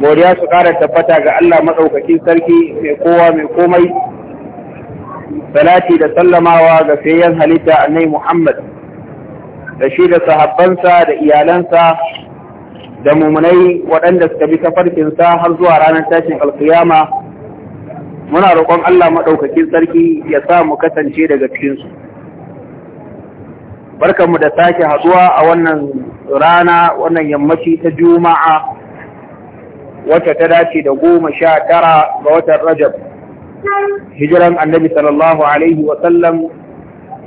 godiya su ƙara tabbata ga Allah maɗaukakin sarki mai kowa mai komai salati da sallamawa ga sayan halitta annai Muhammad da shi da sahabbansa da iyalansa da mumunai waɗanda suka bi ta farkinsa har zuwa ranar tashin alkiyama muna roƙon Allah maɗaukakin sarki ya sa mu kasance daga cikinsu barkanmu da sake haɗuwa a wannan rana wannan yammaci ta juma'a Wata ta dace da goma sha tara ga watan Rajab. Hijiran annabi sallallahu Alaihi wasallam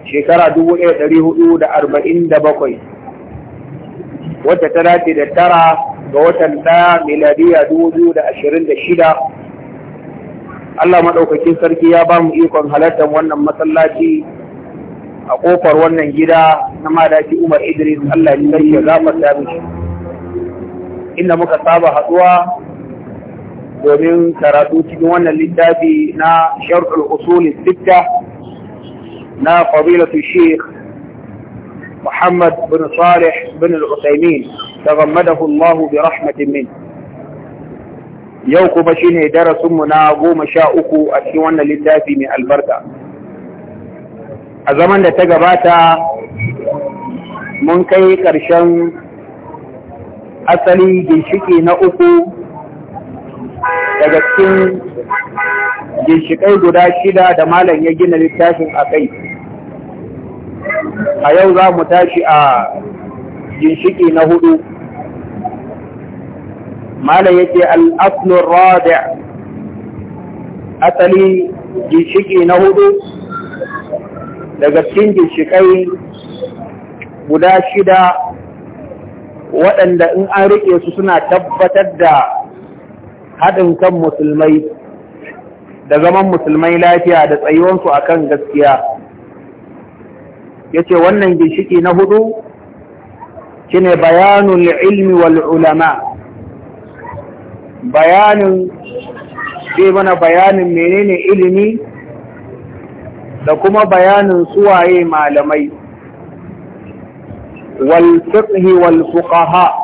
shekara dubu ɗaya ɗari hudu da arba'in da bakwai. Wata ta dace da tara ga watan ɗaya miladiya dubu biyu da ashirin da shida. Allah maɗaukakin sarki ya ba mu ikon halartar wannan masallaci a ƙofar wannan gida na madaki Umar Idris Allah ya sami shi, Inda muka saba haɗuwa domin karatu cikin wannan littafi na sharhul usul sitta na fadilatu sheikh محمد bin al بن العثيمين تغمده الله Rahmatin min. yau kuma shi ne mu na goma sha uku a cikin wannan littafi mai albarka. A zaman da ta gabata mun kai ƙarshen asali ginshiki na uku daga cikin ginshiƙai guda shida da malam ya gina littafin a kai a yau za mu tashi a ginshiƙi na hudu malam yake al'aflun rada asali ginshiƙi na hudu daga cikin ginshiƙai guda shida waɗanda in an riƙe su suna tabbatar da haɗin kan musulmai da zaman musulmai lafiya da tsayuwansu a kan gaskiya ya ce wannan ginshiki na hudu ne bayanun ilmi wal ulama bayanin ce mana bayanin menene ilimi da kuma bayanin suwaye malamai wal fiqhi wal fuqaha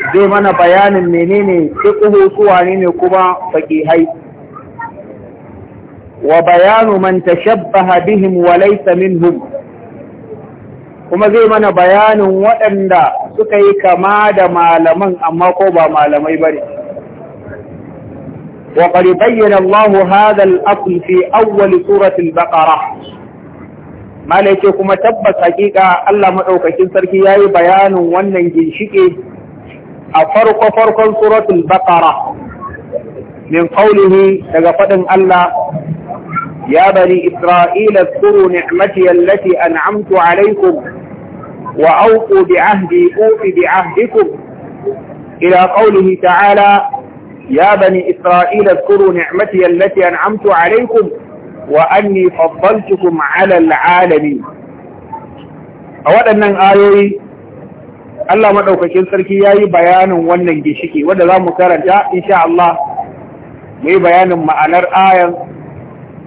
zai mana bayanin menene su wane ne kuma hai wa bayanu man tashabbaha bihim wa laysa minhum kuma zai mana bayanin waɗanda suka yi kama da malaman amma ko ba malamai bane wa qad bayyana Allah hadha al-asl fi awwal surati al kuma tabbas hakika Allah madaukakin sarki yayi bayanin wannan ginshiƙe. الفرق فرق سورة البقرة من قوله تقفد الله يا بني إسرائيل اذكروا نعمتي التي أنعمت عليكم وأوفوا بعهدي أوف بعهدكم إلى قوله تعالى يا بني إسرائيل اذكروا نعمتي التي أنعمت عليكم وأني فضلتكم على العالمين أولا أن آيوي Allah maɗaukakin sarki ya yi bayanin wannan gishiki wanda za mu karanta insha Allah mu yi bayanin ma'anar ayan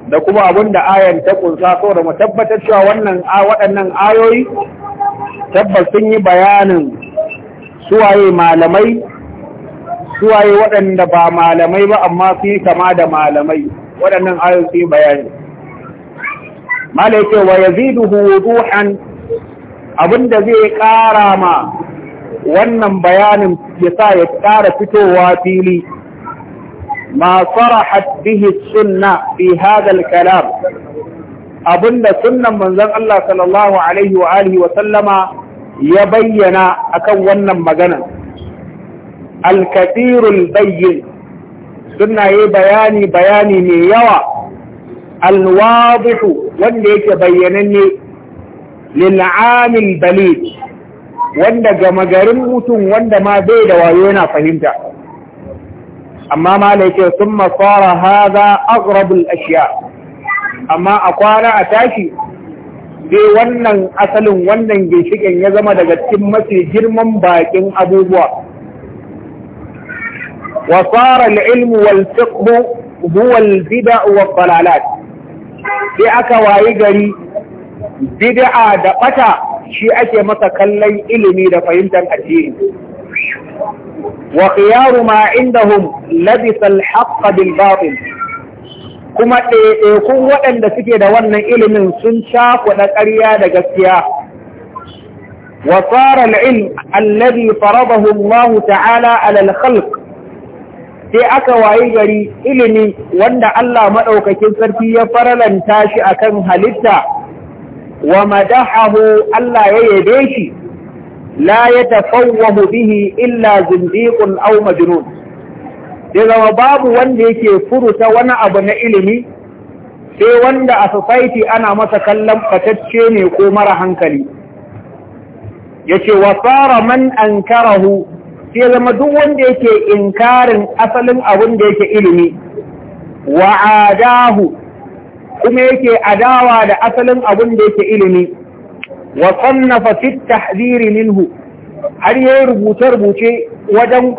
da kuma abin da ayan ta kunsa so da mu tabbatar cewa wannan waɗannan ayoyi tabbas sun yi bayanin suwaye malamai suwaye waɗanda ba malamai ba amma su yi kama da malamai waɗannan ayoyi su yi bayani malai ce wa yaziduhu abin da zai ƙara ma wannan bayanin ya sa ya ƙara fitowa fili ma bihi sunna fi hadha kalam abinda sunnan manzon Allah sallallahu alaihi wa alihi wa sallama ya bayyana akan wannan magana al-kathirul bayyin sunna yayi bayani bayani mai yawa al-wadihu wanda yake bayyananne lil 'amil balid wanda gama garin mutum wanda ma bai da wayo yana fahimta amma malaike sun masara haza agrabul ashiya amma a kwana a tashi dai wannan asalin wannan ginshikin ya zama daga cikin mafi girman bakin abubuwa wa fara al-ilmu wal fiqh huwa al-bid'a wa dalalat sai aka wayi gari bid'a da bata shi ake masa kallon ilimi da fahimtar addini wa khiyaru ma indahum labisa al-haqq bil batil kuma kun waɗanda suke da wannan ilimin sun cakuɗa ƙarya da gaskiya wa tsara al'ilm allazi farabahu Allah ta'ala alal khalq sai aka wayi gari ilimi wanda Allah maɗaukakin sarki ya faralanta shi akan halitta wa madahahu Allah ya yabe shi la ya tafawwahu bihi illa zindiqun aw majnun daga babu wanda yake furuta wani abu na ilimi sai wanda a society ana masa kallon fatacce ne ko mara hankali yace wa fara man ankarahu sai zama duk wanda yake inkarin asalin abin da yake ilimi Wa a'dahu. kuma yake adawa da asalin abin da yake ilimi wa sannafa fi tahziri minhu har yi rubuce-rubuce wajen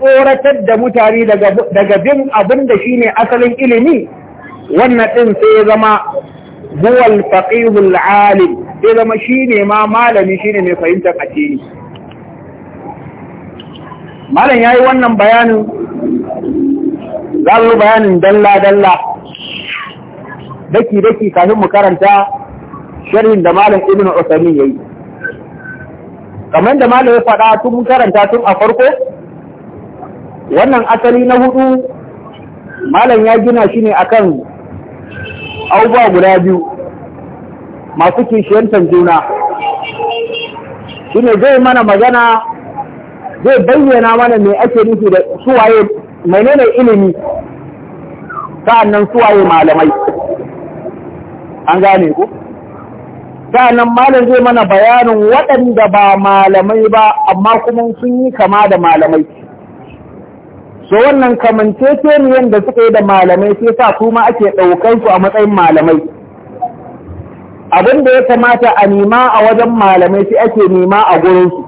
tsoratar da mutane daga bin abin da shine asalin ilimi wannan din sai ya zama huwal faqihul alim sai zama shine ma malami shine mai fahimtar addini malam yayi wannan bayanin za bayanin dalla dalla daki daki kafin mu karanta sharhin da malam ibnu usaimin yayi kamar da malam ya faɗa tun karanta tun a farko wannan asali na hudu malam ya gina shi ne akan abubuwa guda biyu masu kishiyantar juna shi ne zai mana magana zai bayyana mana mai ake nufi da suwaye menene ilimi sa'annan suwaye malamai an gane ku sa'annan malam zai mana bayanin waɗanda ba malamai ba amma kuma sun yi kama da malamai so wannan kamanceceniyan da suka yi da malamai sai sa kuma ake ɗaukar su a matsayin malamai abin da ya kamata a nima a wajen malamai sai ake nima a gurinsu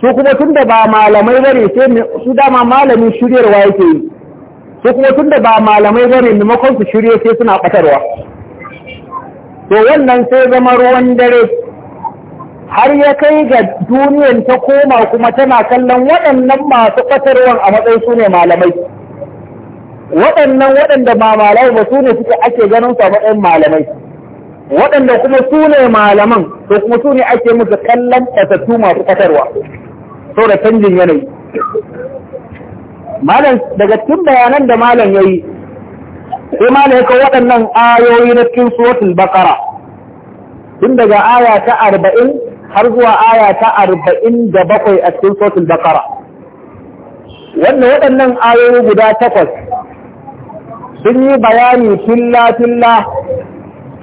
su kuma tun da ba malamai bane sai su dama malamin shiryarwa yake yi su kuma tun da ba malamai bane maimakon su shirye sai suna ɓatarwa to wannan sai zama ruwan dare har ya kai ga duniyan ta koma kuma tana kallon waɗannan masu ƙasarwan a matsayin su ne malamai waɗannan waɗanda ba malamai ba su ne suke ake ganin su a matsayin malamai waɗanda kuma su ne malaman to kuma su ne ake musu kallon ƙasassu masu ƙasarwa da canjin yanayi malam daga cikin bayanan da malam ya yi sai ma ne kawo waɗannan ayoyi na cikin suratul bakara tun daga aya ta arba'in har zuwa aya ta arba'in da bakwai a cikin suratul bakara wannan waɗannan ayoyi guda takwas sun yi bayani filla-filla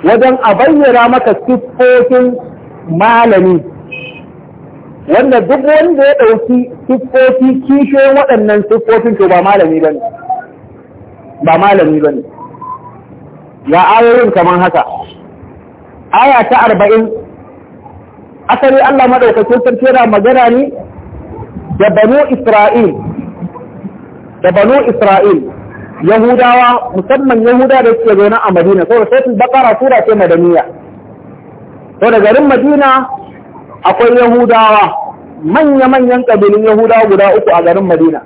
wajen a bayyana maka siffofin malami wanda duk wanda ya ɗauki siffofi kishiyoyin waɗannan siffofin to ba malami ba ne ba malami ba ne ga ayoyin kamar haka aya ta arba'in asali Allah maɗaukakin sarki yana magana ne da banu Isra'il da banu Isra'il Yahudawa musamman Yahuda da suke zaune a Madina saboda sai bakara tura ce madaniya to da garin Madina akwai Yahudawa manya-manyan ƙabilun Yahudawa guda uku a garin Madina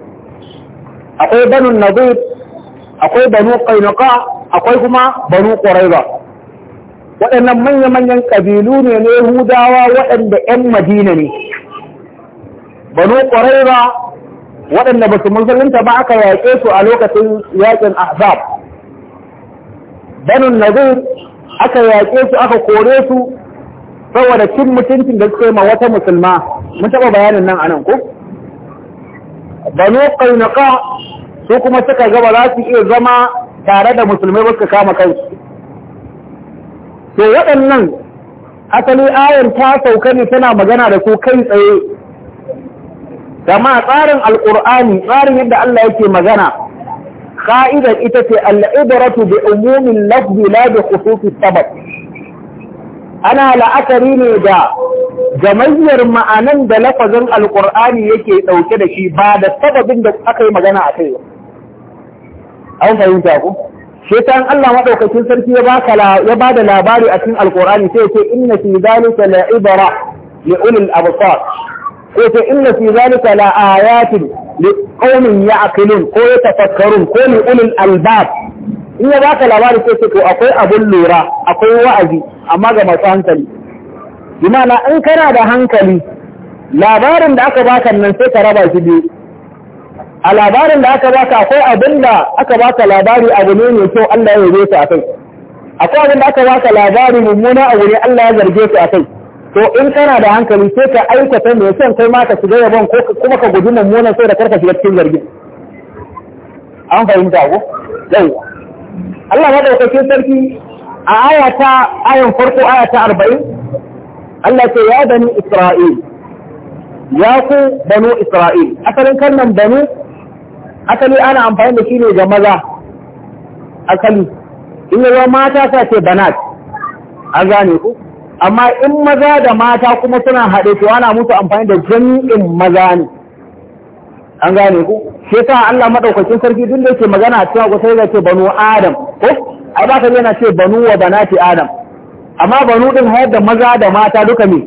akwai banu Nadir akwai banu kainuka. akwai kuma banu ba waɗannan manya-manyan ƙabilu ne na hudawa waɗanda 'yan madina ne banu ba waɗanda ba su musulunta ba aka yaƙe su a lokacin yaƙin ahzab na nazir aka yaƙe su aka kore su saboda cin mutuncin da suke ma wata musulma mun taɓa bayanin nan anan ku? banu ƙaunaka su kuma suka gaba za su iya zama tare da musulmai ba su kama kansu to waɗannan asali ayar ta sauka ne tana magana da su kai tsaye gama tsarin alkur'ani tsarin yadda Allah yake magana ka'idar ita ce al'ibaratu bi umumin lafzi la bi khususi ana la'akari ne da gamayyar ma'anan da lafazin alƙur'ani yake ɗauke da shi ba da sababin da aka yi magana a kai ba an fahimta ku shaitan Allah madaukakin sarki ya baka ya bada labari a cikin alqur'ani sai ce inna fi zalika la ibra li ulil absar ko ce inna fi zalika la ayatin li qaumin ya'qilun ko yatafakkarun ko li ulil albab in ya baka labari sai ce to akwai abun lura akwai wa'azi amma ga masu hankali bi ma'ana in kana da hankali labarin da aka baka nan sai ka raba shi biyu a labarin da aka baka akwai abin da aka baka labari abu ne mai kyau Allah ya yabe a kai. akwai abin da aka baka labari mummuna a ne Allah ya zarge a kai. to in kana da hankali sai ka aikata mai son kai maka ka shiga yabon ko kuma ka guji mummunan sai da karka shiga cikin zargin an fahimta ko yawa Allah madaukakin sarki a ayata ayan farko ayata arba'in Allah ce ya bani Isra'il ya ku banu Isra'il asalin kalmar banu asali ana amfani da shi ne ga maza asali in yawa mata sa ce banat an gane ku amma in maza da mata kuma suna haɗe to ana musu amfani da jami'in maza ne an gane ku shi sa Allah madaukakin sarki duk da yake magana cewa ko sai ya ce banu adam ko ai ba ka yana ce banu wa banati adam amma banu din hayar da maza da mata duka ne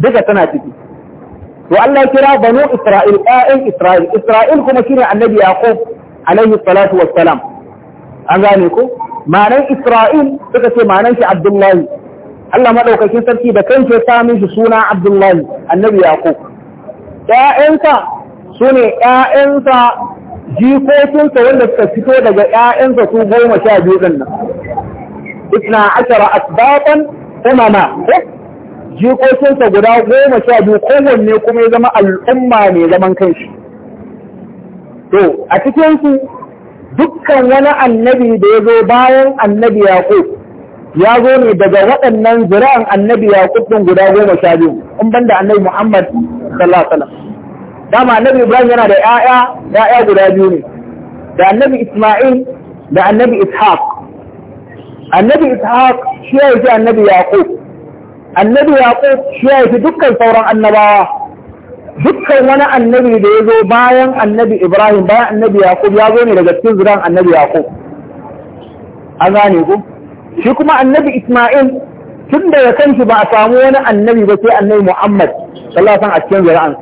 duka tana ciki to Allah kira banu Isra'il 'ya'yan Isra'il Isra'il kuma shine annabi Yaqub alaihi salatu wassalam an gane ku? ma'anan Isra'il suka ce ma'anar shi Abdullahi Allah madaukakin sarki da kanshi ya sami shi suna Abdullahi annabi Yaqub su sune ya'yansa jikokinsa wanda suka fito daga ya'yansa su goma sha biyu din nan. Isna ashara asbaban umama jikokinsa guda goma sha biyu kowanne kuma ya zama al'umma ne zaman kanshi to a cikinsu dukkan wani annabi da ya zo bayan annabi yaƙub ya zo ne daga waɗannan zira'an annabi yaƙub ɗin guda goma sha biyu in ban da annabi muhammad sallallahu dama annabi ibrahim yana da 'ya'ya, 'ya'ya guda biyu ne da annabi isma'il da annabi ishaq annabi ishaq shi ya yi annabi yaƙub annabi yaƙo shi ya fi dukkan sauran annabawa dukkan wani annabi da ya zo bayan annabi ibrahim bayan annabi yaƙo ya zo ne daga cikin zuran annabi yaƙo an gane ku shi kuma annabi isma'il tun da ya shi ba a samu wani annabi ba sai annabi muhammad sallallahu alaihi a cikin zura'an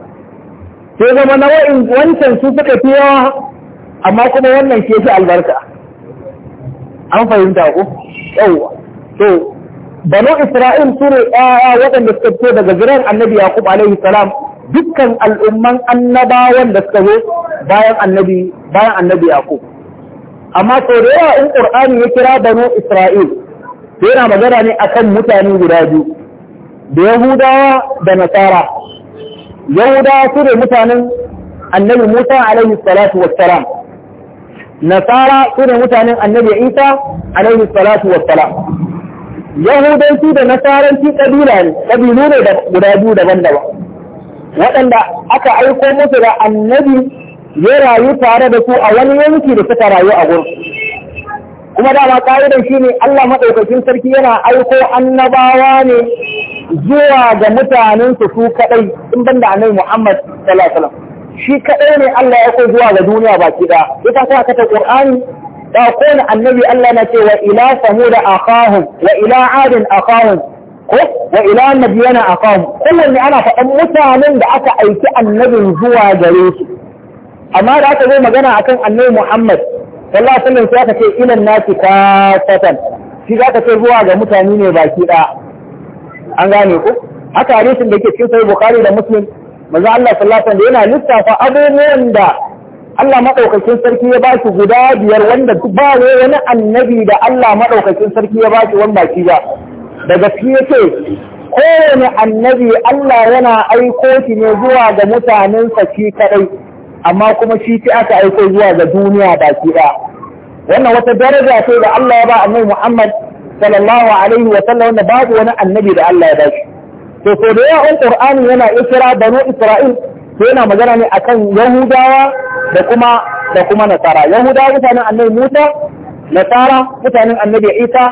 sai zama na wancan su suka fi yawa amma kuma wannan ke shi albarka an fahimta ku yawwa to banu isra'il su ne ɗaya waɗanda suka fito daga ziran annabi yaqub alaihi salam dukkan al'umman annabawan da suka zo bayan annabi bayan annabi yaqub amma sau da yawa in qur'ani ya kira banu isra'il to yana magana ne akan mutane guda biyu da yahudawa da nasara yahudawa su ne mutanen annabi musa alaihi salatu wassalam nasara su ne mutanen annabi isa alaihi salatu wassalam yahudanci da nasaranci ƙabila ne ƙabilu ne da guda biyu daban-daban waɗanda aka aiko musu da annabi ya rayu tare da su a wani yanki da suka rayu a gurin kuma dama ƙa'idar shi ne Allah maɗaukakin sarki yana aiko annabawa ne zuwa ga mutanensu su kaɗai in ban da annabi Muhammad sallallahu alaihi wasallam shi kaɗai ne Allah ya aiko zuwa ga duniya baki ɗaya ita kuma kata Qur'ani da annabi Allah na ce wa ila samuda akahum wa ila adin akahum ko wa ila nabiyana Kullum ne ana faɗan mutanen da aka aiki annabin zuwa gare su amma da aka zo magana akan annabi Muhammad sallallahu alaihi wasallam sai aka ce ilan nasi kafatan shi zaka ce zuwa ga mutane ne baki da an gane ku haka hadisin da yake cikin sahih bukhari da muslim manzo Allah sallallahu alaihi wasallam yana lissafa abubuwan da Allah maɗaukakin sarki ya bashi guda biyar wanda ba wani annabi da Allah maɗaukakin sarki ya bashi wani baki ba da gaskiya ce kowane annabi Allah yana aiko shi ne zuwa ga mutanensa shi kaɗai, amma kuma shi ce aka aiko zuwa ga duniya baki ɗaya wannan wata daraja ce da Allah ya ba annabi Muhammad sallallahu alaihi wa sallam wanda babu wani annabi da Allah ya bashi to so da yawan Qur'ani yana isra banu Isra'il sai yana magana ne akan yahudawa da kuma da kuma nasara yahudawa mutanen annabi musa nasara mutanen annabi isa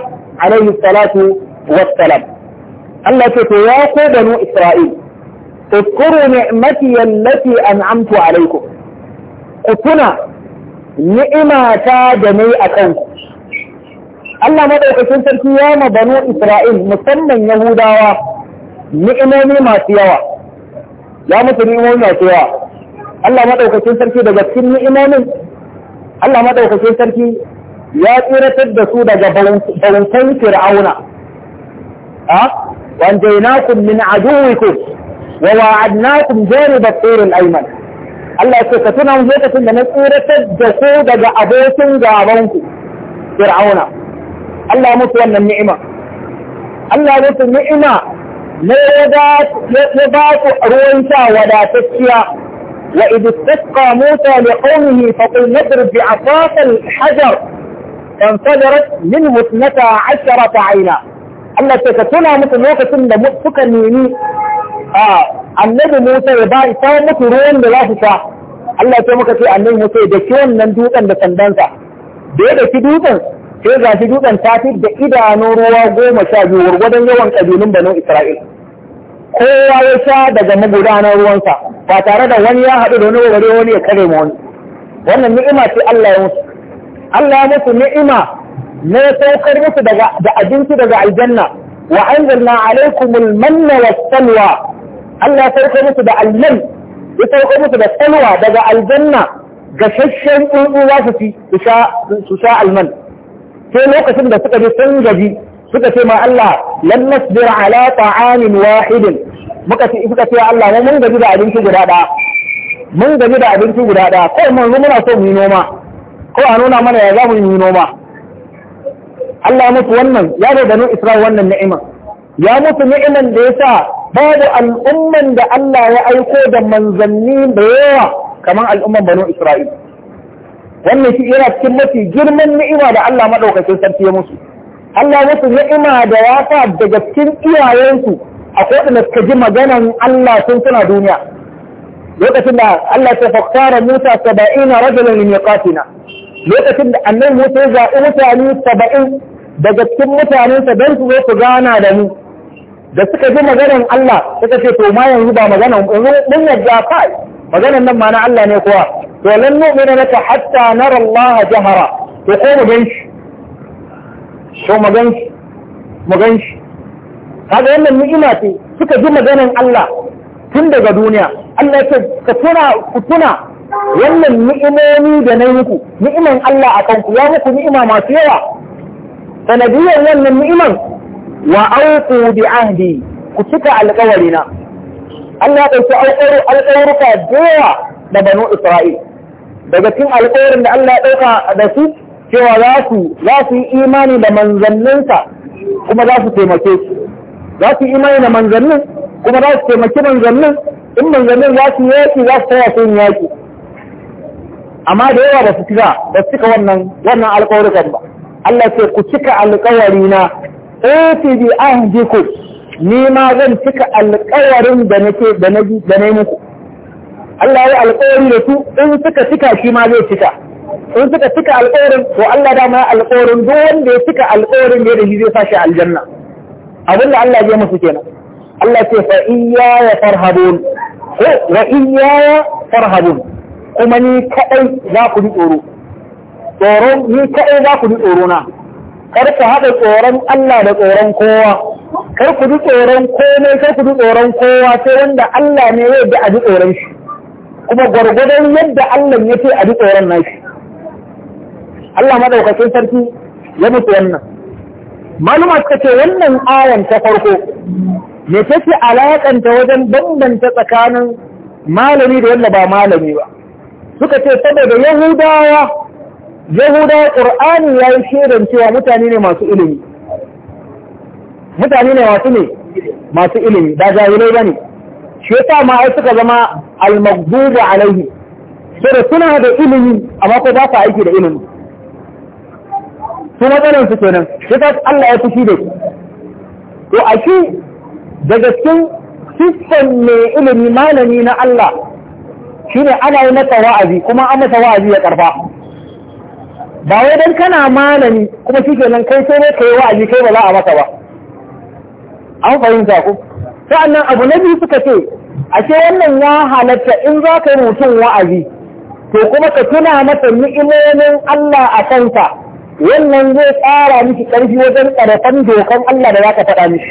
alaihi salatu wassalam Allah ce to ya ko banu isra'il اذكروا نعمتي التي أنعمت عليكم قلتنا نعمة دمي ku. Allah madaukakin sarki ya ma banu Isra'il musamman Yahudawa ni'imomi masu yawa ya mutu ni masu yawa Allah madaukakin sarki daga cikin ni'imomin Allah madaukakin sarki ya tsiratar da su daga baruntan fir'auna a wanjainakum min aduwikum wa wa'adnakum janib at-tur al-ayman Allah ya ce ka tuna lokacin da na tsiratar da su daga abokin gabanku fir'auna Allah mutu wannan ni'ima Allah ya mutu ni'ima ya ba ku ruwan sha wadatacciya wa idh tasqa Musa li qawmihi fa qul nadrib bi 'asaka al-hajar فانفجرت منه اثنتا عشرة عينا Allah ce ka tuna musu lokacin da suka nemi a annabi Musa ya bai ta musu ruwan da za su sha Allah ce muka ce annabi Musa da ki wannan dutsen da sandansa da ya daki dutsen sai ga shi dutsen ta fi da idanun ruwa goma sha biyu gwargwadon yawan ƙabilun banu Isra'il. Kowa ya sha daga magudanar ruwansa ba tare da wani ya haɗu da wani wari wani ya kare mu wani. Wannan ni'ima ce Allah ya musu. Allah ya musu ni'ima na saukar musu da abinci daga aljanna wa anzalna alaikumul manna was salwa. Allah ya saukar musu da allan ya saukar musu da salwa daga aljanna gashashen tsuntsu za su ci su sha alman. sai lokacin da suka bi sun gaji suka ce ma Allah lan nasbir ala ta'amin wahidin muka ce suka ce Allah mu mun gaji da abinci guda ɗaya mun gaji da abinci guda ɗaya ko mun muna so mu yi noma ko a nuna mana ya za mu yi noma Allah mutu wannan ya da banu Isra'il wannan ni'ima ya mutu ni'iman da ya sa babu al'umman da Allah ya aiko da manzanni da yawa kamar al'umman banu Isra'il wannan shi yana cikin mafi girman ni'ima da Allah maɗaukacin sarki ya musu Allah musu ni'ima da ya sa daga cikin iyayensu a kowane suka ji maganan Allah sun suna duniya lokacin da Allah ta faktara Musa saba'ina rajulan min yaqatina lokacin da annabi Musa ya zaɓi mutane saba'in daga cikin mutanensa don su zo su gana da mu da suka ji maganan Allah suka ce to ma yanzu ba maganan mun yadda kai maganan nan ma na Allah ne kowa ولن نؤمن لك حتى نرى الله جهرا يقول مجنش شو مجنش مجنش wannan يمن ce, suka ji maganin Allah tun daga duniya Allah ce ka tuna ku tuna wannan ni'imomi da na muku ni'iman Allah a kanku ya muku ni'ima masu yawa sanadiyar wannan ni'iman wa auku bi ahdi ku cika alƙawari na Allah ya ɗauki alƙawaruka da yawa da banu Isra'il daga cikin alƙawarin da Allah ya ɗauka da su cewa za su za su yi imani da manzanninsa kuma za su taimake su za su yi imani da manzannin kuma za su taimake manzannin in manzannin za su yaƙi za su taya su yin yaƙi amma da yawa ba su cika ba su cika wannan wannan alƙawarukan ba Allah ce ku cika alƙawari na ofi bi ahdikum ni ma zan cika alƙawarin da nake da na da muku Allah ya alƙawari da su in suka cika shi ma zai cika in suka cika alƙawarin to Allah dama ya alƙawarin duk wanda ya cika alƙawarin da shi zai sa shi aljanna abin da Allah ya musu kenan Allah ce fa ya farhabun ko wa ya farhabun kuma ni kadai za ku ji tsoro tsoron ni kadai za ku ji tsoro na kar ku haɗa tsoron Allah da tsoron kowa kar ku ji tsoron komai kar ku ji tsoron kowa sai wanda Allah ne ya yarda a ji tsoron shi kuma gwargwadon yadda Allah ya ce a duk tsoron nashi Allah madaukakin sarki ya mutu wannan maluma suka ce wannan ayan ta farko me ce alakanta wajen bambanta tsakanin malami da wanda ba malami ba suka ce saboda yahudawa yahudawa ya yayi shaidan cewa mutane ne masu ilimi mutane ne masu ne masu ilimi ba jahilai ne. shi yasa ma ai suka zama al-maghdubi alaihi saboda suna da ilimi amma ko ba su aiki da ilimi su tsanan su kenan shi yasa Allah ya fushi da shi to a shi daga cikin siffan mai ilimi malami na Allah shine ana yi masa wa'azi kuma an masa wa'azi ya karfa ba wai dan kana malami kuma shi kenan kai sai ne kai wa'azi kai ba za a maka ba an fahimta ku sa'annan abu na biyu suka ce ashe wannan ya halatta in za ka yi mutum wa'azi to kuma ka tuna masa ni'imomin Allah a kansa wannan zai tsara miki ƙarfi wajen ƙarfan dokan Allah da za ka faɗa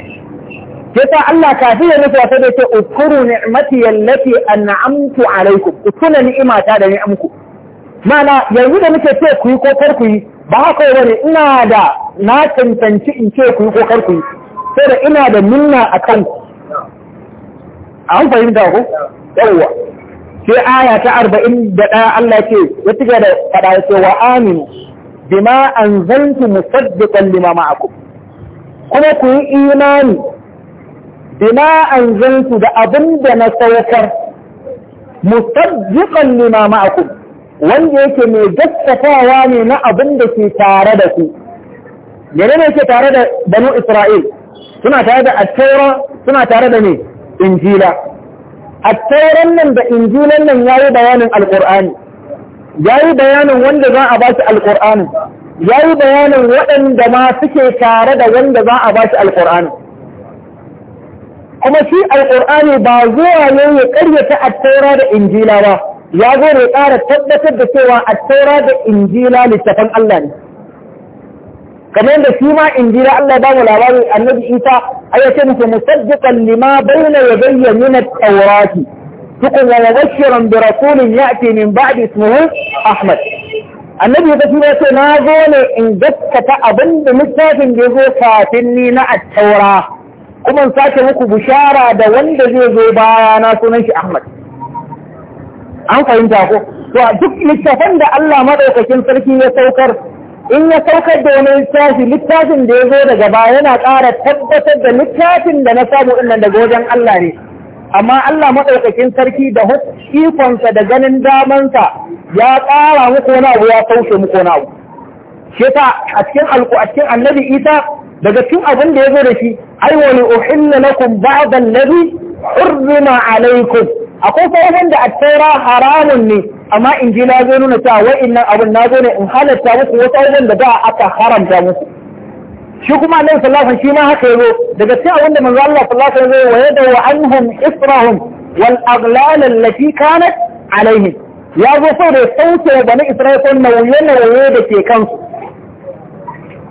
Ke sa Allah kafi ya nufi wata da ce ukuru ni'mati allati a alaikum ukuna ni'imata da ni'amku mana yanzu da muke ce ku yi ko kar yi ba haka ne ina da na cancanci in ce ku yi ko kar yi sai da ina da minna a kanku an fahimta ku yawwa sai aya ta arba'in da ɗaya Allah ce ya cika da faɗa ce wa aminu bima anzaltu musaddiqan lima ma'akum kuma ku yi imani bima anzaltu da abin da na saukar musaddiqan lima ma'akum wanda yake mai gaskatawa ne na abin da ke tare da ku menene yake tare da banu Isra'il suna tare da at suna tare da ne injila a tauran nan da injilan nan ya yi bayanin alƙur'ani ya yi bayanin wanda za a ba shi alƙur'ani ya yi bayanin waɗanda ma suke tare da wanda za a ba shi alƙur'ani kuma shi alƙur'ani ba zuwa ne ya ƙaryata a taura da injila ba ya zo ne ƙara tabbatar da cewa a taura da injila littafan Allah ne kamar yadda shi ma injira Allah ba mu labari annabi Isa ai yace musu musaddiqan lima bayna yadayya min at-taurat tukun wa mubashiran bi rasulin ya'ti min ba'di ismihi Ahmad annabi Isa shi ma yace na zo ne in gaskata abinda littafin da yazo kafin ni na at-taura kuma in sace muku bushara da wanda zai zo baya na sunan shi Ahmad an fahimta ko to duk littafin da Allah madaukakin sarki ya saukar in ya saukar da wani littafi littafin da ya zo daga baya yana ƙara tabbatar da littafin da na samu innan daga wajen Allah ne amma Allah maɗaukakin sarki da ikonsa da ganin damansa ya ƙara muku wani abu ya sauke muku wani abu shi a cikin alku a cikin annabi isa daga cikin abin da ya zo da shi ai wani uhilla lakum ba'd allazi hurrima alaikum akwai sauran da at haramun ne amma in ji na zo nuna ta cewa wa'innan abin na zo ne in halatta muku wasu abubuwan da da aka haramta muku shi kuma annabi sallallahu shi ma haka yazo daga cikin abin da manzo Allah sallallahu alaihi wasallam ya yada wa anhum israhum wal aghlal allati kanat alaihim ya zo sai da sauke bani isra'ila nauye nauye da ke kansu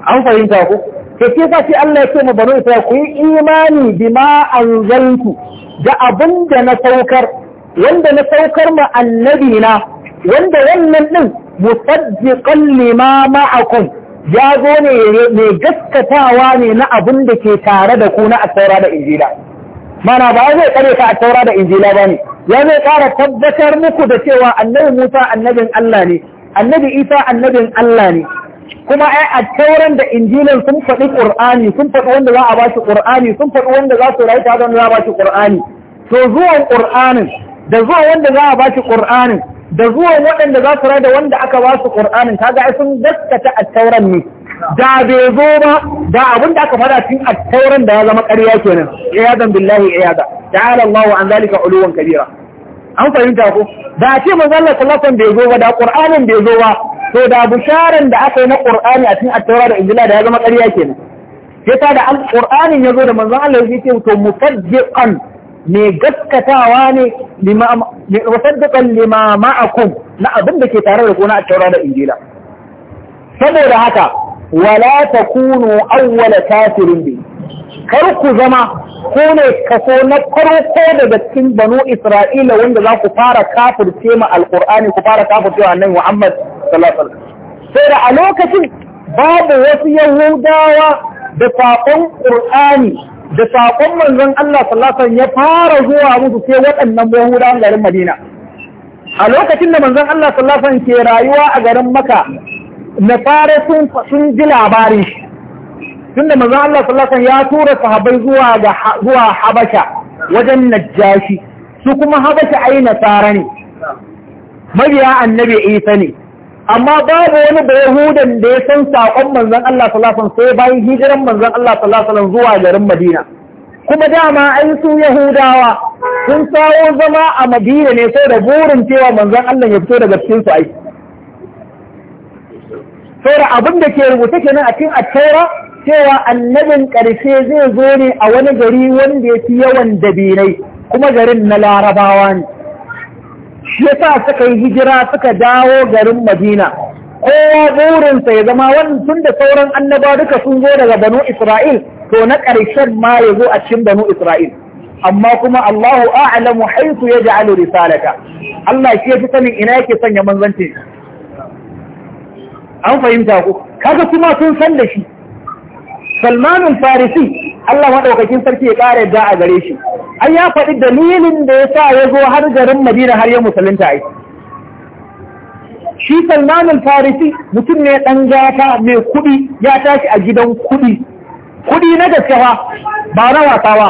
an fahimta ku ke ke sa shi Allah ya ce mu bani Isra'il ku yi imani bima anzaltu da abin da na saukar wanda na saukar ma annabi na wanda wannan din musaddiqan lima ma'akum ya zo ne mai gaskatawa ne na abin da ke tare da ku na asaura da injila mana ba zai kare ka asaura da injila ba ne ya zai kara tabbatar muku da cewa annabi musa annabin allah ne annabi isa annabin allah ne kuma ai a da injilan sun faɗi ƙur'ani sun faɗi wanda za a ba shi ƙur'ani sun faɗi wanda za su rayu tare da za a ba shi ƙur'ani to zuwan ƙur'anin da zuwa wanda za a ba shi ƙur'anin da zuwa waɗanda za su da wanda aka ba su ƙur'anin kaga ai sun gaskata a tauran ne da bai zo ba da abin da aka faɗa tun a tauran da ya zama ƙarya kenan iyadan billahi iyada ta'ala Allahu an zalika uluwan kabira an fahimta ko da ce manzon Allah sallallahu alaihi bai zo ba da ƙur'anin bai zo ba to da bisharan da aka yi na ƙur'ani a cikin attaura da injila da ya zama ƙarya kenan sai ta da alƙur'anin ya zo da manzon Allah ya ce to mufaddiqan mai gaskatawa ne limama a ma'akum na abin da ke tare da kuna a taura da injila saboda haka wala takunu awwala kafirin bi kar ku zama ko ne kaso na farko daga cikin banu isra'ila wanda za ku fara kafirce ma alqur'ani ku fara kafirce wa annabi muhammad sallallahu alaihi wasallam sai da a lokacin babu wasu yahudawa da saƙon ƙur'ani da saƙon manzon Allah sallallahu ya fara zuwa musu sai waɗannan Yahudawan garin Madina a lokacin da manzon Allah sallallahu ke rayuwa a garin Makka na fara sun sun ji labarin tunda manzon Allah sallallahu ya tura sahabbai zuwa ga zuwa Habasha wajen Najashi su kuma Habasha ai nasara ne mabiya annabi Isa ne amma babu wani da yahudan da ya san saƙon manzon Allah sallallahu sai bayan hijiran manzon Allah sallallahu zuwa garin Madina kuma dama ai su yahudawa sun sawo zama a Madina ne sai da burin cewa manzon Allah ya fito daga cikin su ai sai abin da ke rubuta kenan a cikin attaura cewa annabin ƙarshe zai zo ne a wani gari wanda ya fi yawan dabinai kuma garin na larabawa ne shi yasa suka yi hijira suka dawo garin madina kowa burinsa ya zama tun da sauran annaba duka sun zo daga banu isra'il to na ƙarshen ma ya zo a cikin banu isra'il amma kuma Allahu a'lamu haythu yaj'alu risalata Allah shi yafi sanin ina yake sanya manzanci an fahimta ku kaga kuma sun san da shi Salmanun Farisi Allah madaukakin sarki ya ƙara da a gare shi an ya faɗi dalilin da ya sa ya zo har garin madina har ya musulunta ai shi salman farisi mutum ne ɗan gata mai kuɗi ya tashi a gidan kuɗi kuɗi na gaskawa ba na wasawa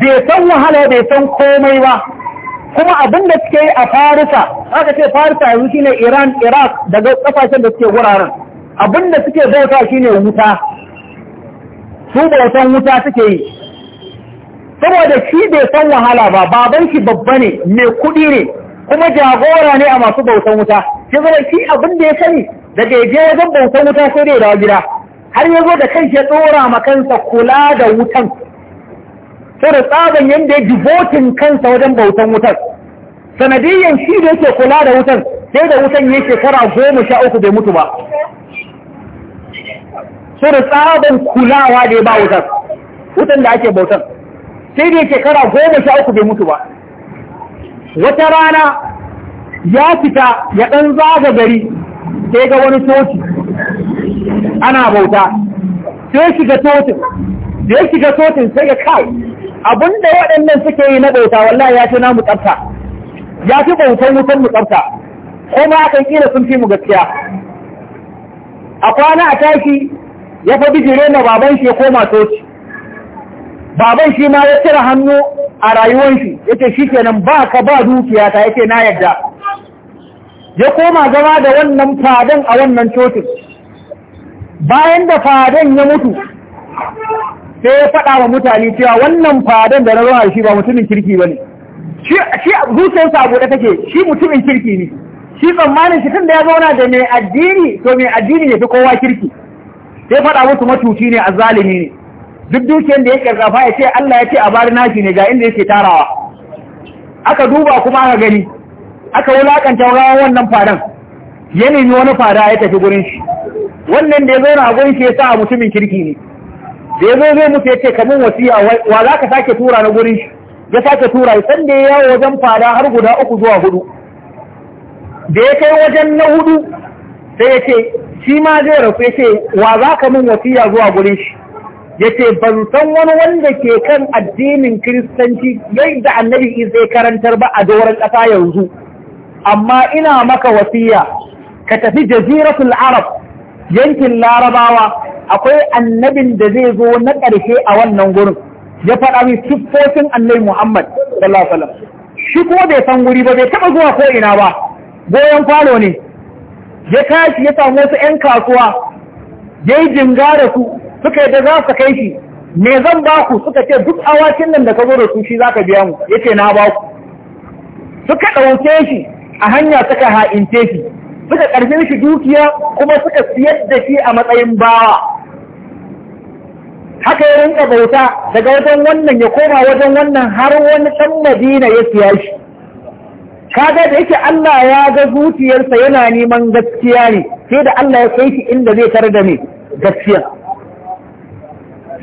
bai san wahala bai san komai ba kuma abin da suke yi a farisa aka ce farisa yanzu shine iran iraq daga kafashen da suke wuraren abin da suke bauta shine wuta su bautan wuta suke yi saboda shi bai san wahala ba baban shi babba ne mai kuɗi ne kuma jagora ne a masu bautan wuta shi zama shi abin da ya sani daga ya zan wajen bautan wuta sai dai dawo gida har ya zo da kan ya tsora ma kansa kula da wutan sai da tsaban yadda ya jibotin kansa wajen bautan wutan sanadiyyan shi da yake kula da wutan sai da wutan ya shekara goma sha uku bai mutu ba sai da tsaban kulawa da ya ba wutan wutan da ake bautan sai dai shekara goma sha uku bai mutu ba wata rana ya fita ya ɗan zaga gari sai ga wani coci ana bauta sai shiga cocin da shiga cocin sai ya kai abinda waɗannan suke yi na bauta wallahi ya fi na mu ya fi bautan wutan mu tsafta ma akan kira sun fi mu gaskiya a kwana a tashi ya fa bijire na baban shi ya koma coci baban shi ma ya cire hannu a rayuwar shi kenan kenan ba ka ba dukiya ta ce na yadda ya koma zama da wannan fadan a wannan cocin bayan da fadan ya mutu sai ya fada wa mutane cewa wannan fadan da na zo shi ba mutumin kirki ne. shi shi zuciyarsa a buɗe take shi mutumin kirki ne shi tsammanin shi tun da ya zauna da mai addini to mai addini ne fi kowa kirki sai faɗa musu matuci ne a zalimi ne duk dukiyar da ya karkafa ya ce Allah ya ce a bari nashi ne ga inda yake tarawa aka duba kuma aka gani aka wulakanta rawan wannan fadan ya nemi wani fada ya tafi gurin shi wannan da ya zo a gurin shi ya sa a mutumin kirki ne da ya zo zai mutu ya ce kamun wasiya wa za ka sake tura na gurin shi ya sake tura ya san ya yawo wajen fada har guda uku zuwa hudu da ya kai wajen na hudu sai ya ce shi ma zai rasu ya ce wa za ka min wasiya zuwa gurin shi Ya ce ban san wani wanda ke kan addinin kiristanci yadda annabi isa karantar ba a doron ƙasa yanzu amma ina maka wasiya ka tafi jaziratul arab yankin larabawa akwai annabin da zai zo na ƙarshe a wannan gurin ya faɗa min siffofin annabi muhammad sallallahu alaihi wasallam shi ko bai san guri ba bai taɓa zuwa ko ina ba goyon falo ne ya tashi ya samu wasu 'yan kasuwa yayi jinga da su suka da za su kai shi me zan ba ku suka ce duk awakin nan da ka zo da su shi za ka biya mu ya ce na ba ku suka ɗauke shi a hanya suka ha'ince shi suka ƙarfin shi dukiya kuma suka siyar da shi a matsayin bawa haka ya rinka bauta daga wajen wannan ya koma wajen wannan har wani ɗan madina ya siya shi kaga da yake Allah ya ga zuciyarsa yana neman gaskiya ne sai da Allah ya kai shi inda zai tar da me gaskiya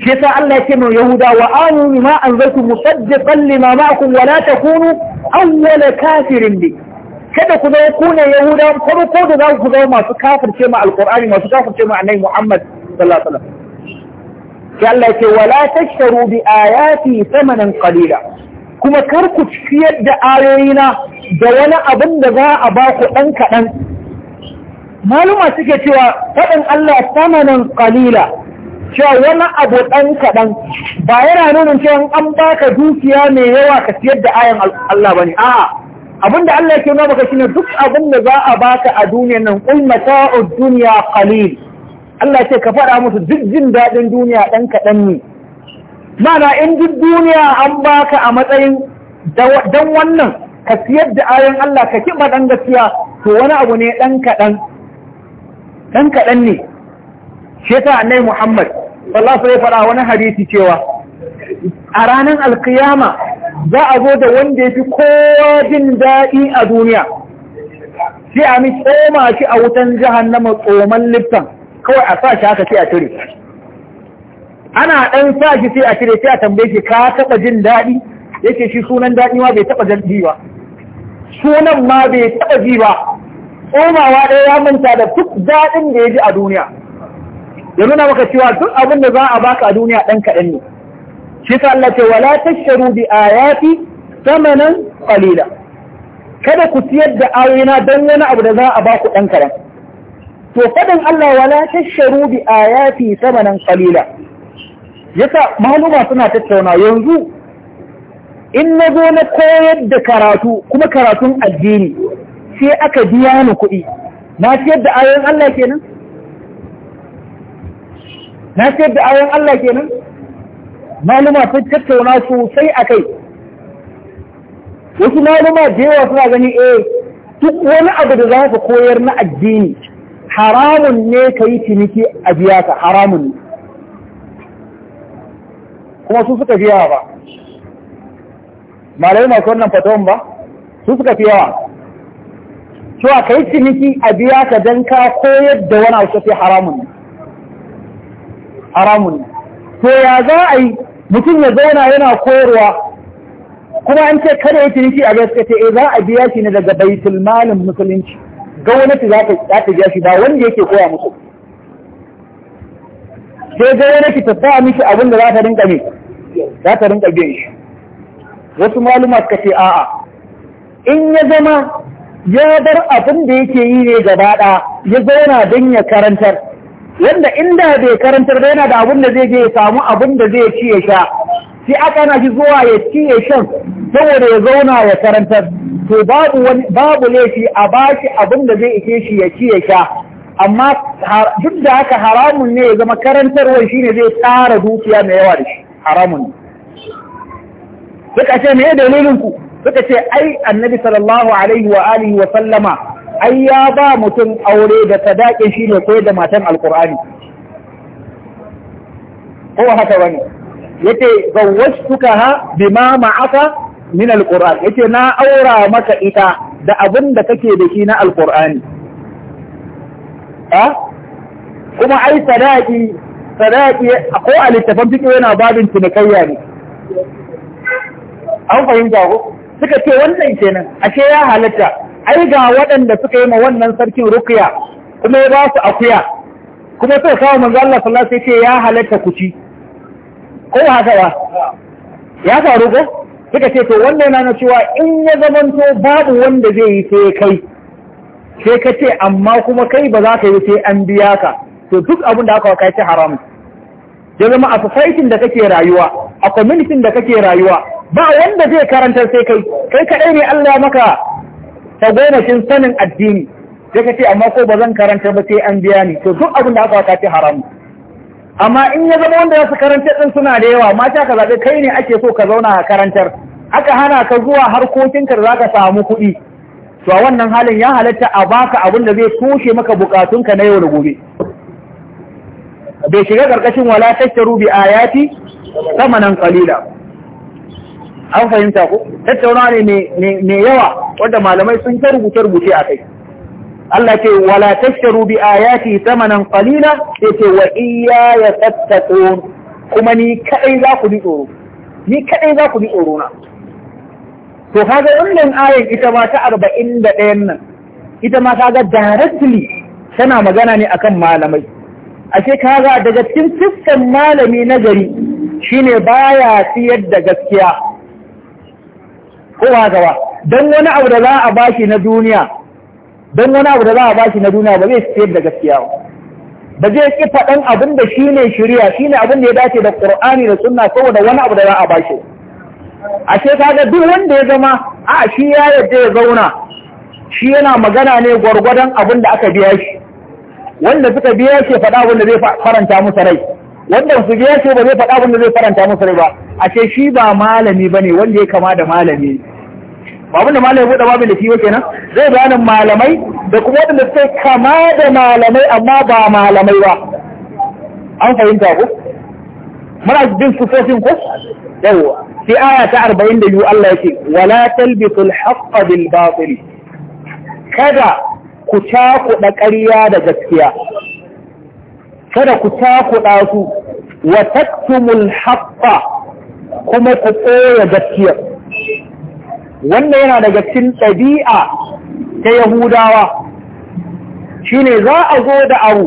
shi yasa Allah yake mai yahuda wa aminu ma anzaltu musaddiqan lima ma'akum wa la takunu awwal kafirin bi kada ku zama ku ne yahuda ko ko da za ku zama masu kafirce ma alqur'ani masu kafirce ma annabi Muhammad sallallahu alaihi wasallam sai Allah yake wa la tashtaru bi ayati thamanan qalila kuma kar ku ciyar da ayoyina da wani abin da za a ba ku dan kadan maluma suke cewa faɗin Allah samanan qalila cewa wani abu ɗan kaɗan ba yana nunin cewa an baka dukiya mai yawa ka siyar da ayan Allah ba ne a'a abin da Allah yake nuna maka shine duk abin da za a baka a duniya nan kul mata'ud dunya qalil Allah ce ka faɗa musu duk jin daɗin duniya ɗan kaɗan ne mana in duk duniya an baka a matsayin dan wannan ka siyar da ayan Allah ka kiba ɗan gaskiya to wani abu ne ɗan kaɗan ɗan kaɗan ne shi yasa annai Muhammad sallallahu alaihi wasallam wani hadisi cewa a ranar alkiyama za a zo da wanda ya fi kowa jin daɗi a duniya sai a mi tsoma shi a wutan jahannama tsoman liftan kawai a sa shi haka sai a cire ana ɗan sa shi sai a cire sai a tambaye shi ka taɓa jin daɗi yake shi sunan daɗi ma bai taɓa jalbi ba sunan ma bai taɓa ji ba tsomawa ɗaya ya manta da duk daɗin da ya ji a duniya ya nuna maka cewa duk abin da za a baka a duniya ɗan kaɗan ne shi ta Allah ce wala tashtaru bi ayati samanan qalila kada ku siyar da ayoyina don wani abu da za a baku ɗan kaɗan to faɗin Allah wala tashtaru bi ayati samanan qalila yasa maluma suna tattauna yanzu in na zo na koyar da karatu kuma karatun addini sai aka biya ni kuɗi na siyar da ayoyin Allah kenan na ciyar da ayon Allah kenan maluma sun tattauna sosai a kai wasu maluma da yawa suna gani eh duk wani abu da za ka koyar na addini haramun ne ka yi ciniki a biya ka haramun ne kuma su suka fiya ba malai masu wannan fatawan ba su suka fi yawa cewa ka yi ciniki a biya ka don ka koyar da wani abu haramun ne haramun to ya za a yi mutum ya zauna yana koyarwa kuma an ce kada ya ciniki a gaske ta eh za a biya shi ne daga baitul malin musulunci gwamnati za ta biya shi ba wanda yake koya musu sai gwamnati ta sa miki abin da za ta rinka ne za ta rinka biyan shi wasu maluma suka ce a'a in ya zama ya bar abin da yake yi ne gaba ɗaya ya zauna don ya karantar yadda inda bai karantar da yana da abin da zai je ya samu abin da zai ci ya sha sai aka na shi zuwa ya ci ya shan saboda ya zauna ya karantar to babu wani babu laifi a bashi abin da zai ike shi ya ci ya sha amma duk da haka haramun ne ya zama karantarwar shine zai tsara dukiya mai yawa da shi haramun ne suka ce me dalilin ku suka ce ai annabi sallallahu alaihi wa alihi wa sallama ai ya ba mutum aure da sadakin shi ne koyar da matan alkur'ani ko haka wani yace zawwajtukaha bima ma'aka min alqur'an yake na aura maka ita da abin da kake da shi na alqur'ani ah? kuma ai sadaki sadaki ko a littafin fiqh yana babin cinikayya ne an fahimta ko suka ce wannan kenan ashe ya halatta ai ga waɗanda suka yi ma wannan sarkin rukiya kuma ya ba su akuya kuma sai kawo manzo Allah sallallahu alaihi wasallam ya halatta kuci ko haka ba ya faru ko suka ce to wannan yana cewa in ya zamanto babu wanda zai yi sai kai sai ka ce amma kuma kai ba za ka yi sai an biya ka to duk abin da aka kai ce haram ya zama a society da kake rayuwa a community da kake rayuwa ba wanda zai karanta sai kai kai kadai ne Allah maka ta gonakin sanin addini sai ka ce amma ko ba zan karanta ba sai an biya ni to duk abin da aka waka ce haramu amma in ya zama wanda za karanta din suna da yawa mata ka zaɓi kai ne ake so ka zauna a karantar aka hana ka zuwa harkokinka da za ka samu kuɗi to a wannan halin ya halatta a baka abin da zai toshe maka bukatunka na yau da gobe bai shiga ƙarƙashin wala tashtaru bi ayati samanan qalila an fahimta ko tattauna ne ne yawa wanda malamai sun ta rubuta rubuce a kai Allah ce wala tashtaru bi ayati samanan qalila yace wa iyaya tattaqun kuma ni kadai za ku bi tsoro ni kadai za ku bi tsoro na to kaga wannan ayan ita ma ta 41 nan ita ma kaga directly tana magana ne akan malamai ashe kaga daga cikin fiskan malami nagari shine baya siyar da gaskiya ko ba haka ba don wani abu da za a bashi na duniya don wani abu da za a bashi na duniya ba zai siyar da gaskiya ba Ba zai ki faɗan abin da shi ne shirya shi ne abin da ya dace da ƙur'ani da suna saboda wani abu da za a bashi ashe kaga duk wanda ya zama a shi ya yadda ya zauna shi yana magana ne gwargwadon abin da aka biya shi wanda suka biya shi faɗa abin da zai faranta musu rai wanda su biya ce ba zai faɗa abin da zai faranta musu rai ba ce shi ba malami ba ne wanda ya kama da malami ba abin da malami buɗe babu da shi yake nan zai bayanin malamai da kuma wanda suka kama da malamai amma ba malamai ba an fahimta ku muna bin sufofin ku yawa sai aya ta yiwu Allah yake wala talbisul haqqa bil batil kada ku cakuɗa ƙarya da gaskiya kada ku takuɗa su wa taktumul haqqa kuma ku tsoya gaskiya wannan yana daga cikin ɗabi'a ta Yahudawa shine za a zo da abu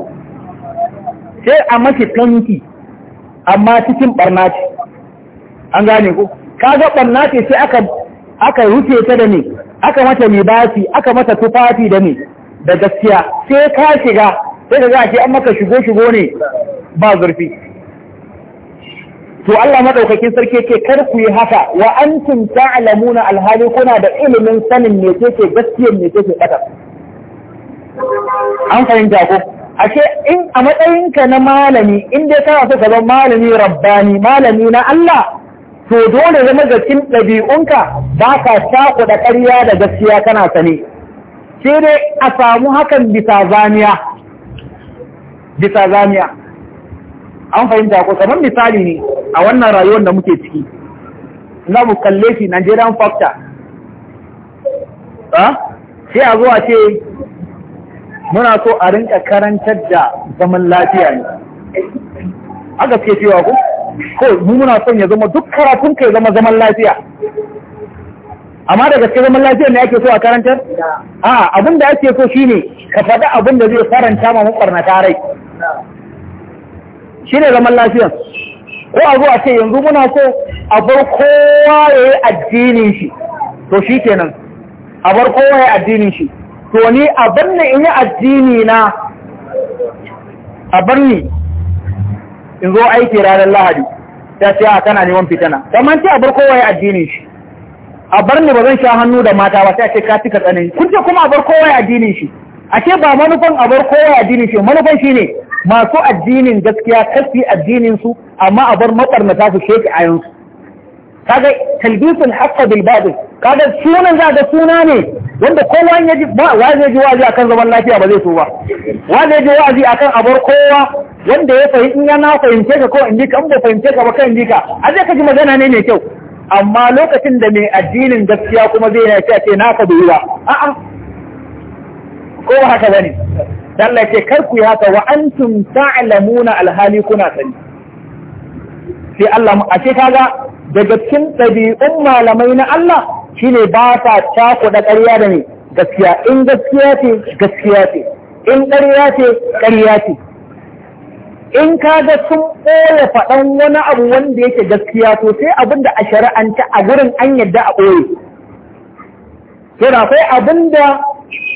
sai a mafi tanki amma cikin barna ce an gane ku kaga barna ce sai aka aka rufe ta da ne aka mata libasi aka mata tufafi da ne da gaskiya sai ka shiga sai ka ga ce an maka shigo shigo ne ba zurfi to Allah madaukakin sarki ke kar ku yi haka wa alamu na alhali kuna da ilimin sanin me yake gaskiyar me yake bata an fahimta ko ashe in a matsayinka na malami in dai kana so ka zama malami rabbani malami na Allah to dole zama ga cin ɗabi'unka ba ka shaku da ƙarya da gaskiya kana sane sai dai a samu hakan bisa zaniya bisa zamiya an fahimta ko kamar misali ne a wannan rayuwar da muke ciki Na mu kalle shi Nigerian factor ha ah, sai a zuwa ce muna so a rinka karantar da zaman lafiya ne aka suke cewa ku ko mu muna son ya zama duk karatun ka ya zama zaman lafiya amma da gaske zaman lafiya ne ake so a karantar a abin da ake so shine ka faɗi abin da zai faranta ma mabarnata rai shi ne zaman lafiyar ko a zo a ce yanzu muna so a bar kowa ya yi addinin shi to shi kenan a bar kowa ya yi addinin shi to ni a bar ni in yi addini na a bar ni in zo aiki ranar lahadi ta ce a kana neman fitana kamar ce a bar kowa ya addinin shi a bar ni ba zan sha hannu da mata ba ta ce ka cika tsanani kun ce kuma a bar kowa ya addinin shi a ce ba manufan a bar kowa ya addinin shi manufan shi ne masu addinin gaskiya kasi addinin su amma a bar mabarnata su sheki ayansu kaga talbisul haqqa bil batil kaga sunan za ga suna ne wanda kowa ya ji ba wa zai ji akan zaman lafiya ba zai so ba wa zai ji wa'azi akan abar kowa wanda ya fahimci in yana fahimce ka ko in ji ka in ba fahimce ka ba kan ji ka a zai ka ji magana ne mai kyau amma lokacin da mai addinin gaskiya kuma zai na ce na ka bai ba a'a ko haka bane Allah ce kar ku yi haka wa antum ta'lamuna alhali kuna sani sai Allah a ce kaga daga cikin ɗabi'un malamai na Allah shine ba sa da ƙarya da ne gaskiya in gaskiya ce gaskiya ce in ƙarya ce ƙarya ce in kaga sun ɓoye faɗan wani abu wanda yake gaskiya to sai abin da a shari'anta a gurin an yadda a ɓoye. Yana akwai abin da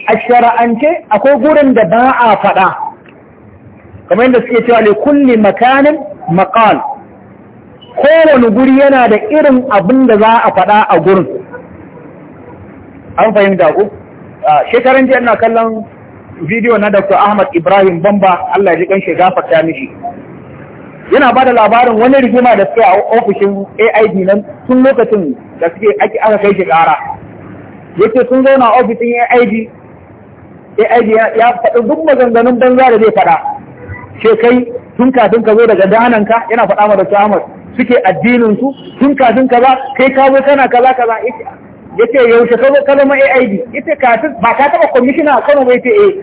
a shara'ance akwai gurin da ba a faɗa kamar yadda suke cewa kulli makanin makal kowane guri yana da irin abin da za a faɗa a gurin an fahimta ku shekaran jiya na kallon bidiyo na dr ahmad ibrahim bamba allah ji kanshi ta mishi yana ba da labarin wani rigima da suke a ofishin aid nan tun lokacin da suke aka kai shi ƙara yake sun zauna ofisin AID AID ya faɗi duk maganganun banza da zai faɗa ce kai tun kafin ka zo daga dananka yana faɗa ma da Ahmad suke addinin su tun kafin ba kai ka zo kana kaza kaza yace yaushe ka zo ka zama AID ce kafin ba ka taɓa kwamishina a Kano bai ce eh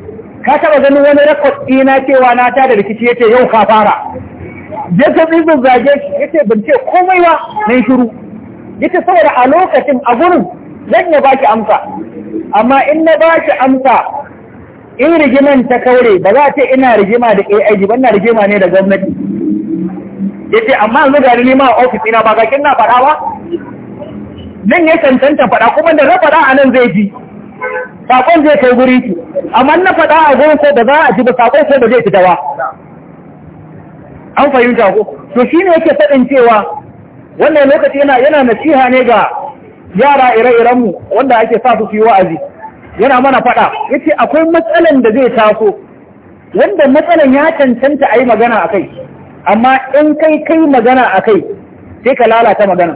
ka taɓa ganin wani rekod ɗina cewa na ta da rikici Ya ce yau ka fara ya ga zage shi ce ban ce komai ba nan shiru ce saboda a lokacin a gurin zan ya baki amsa amma in na baki amsa in rigiman ta kaure ba za ta ina rigima da AIG ba ina rigima ne da gwamnati yace amma yanzu ga ni ma office ina ba gakin na fada ba nan ya cancanta fada kuma da na a nan zai ji sakon zai kai guri ki amma na fada a gurin ko da za a ji ba sakon ko ba zai fita ba an fahimta ko to shine yake fadin cewa wannan lokaci yana yana nasiha ne ga yara ire-irenmu wanda ake sa su yi wa'azi yana mana faɗa ya ce akwai matsalan da zai taso wanda matsalan ya cancanta a yi magana a kai amma in kai kai magana a kai sai ka lalata magana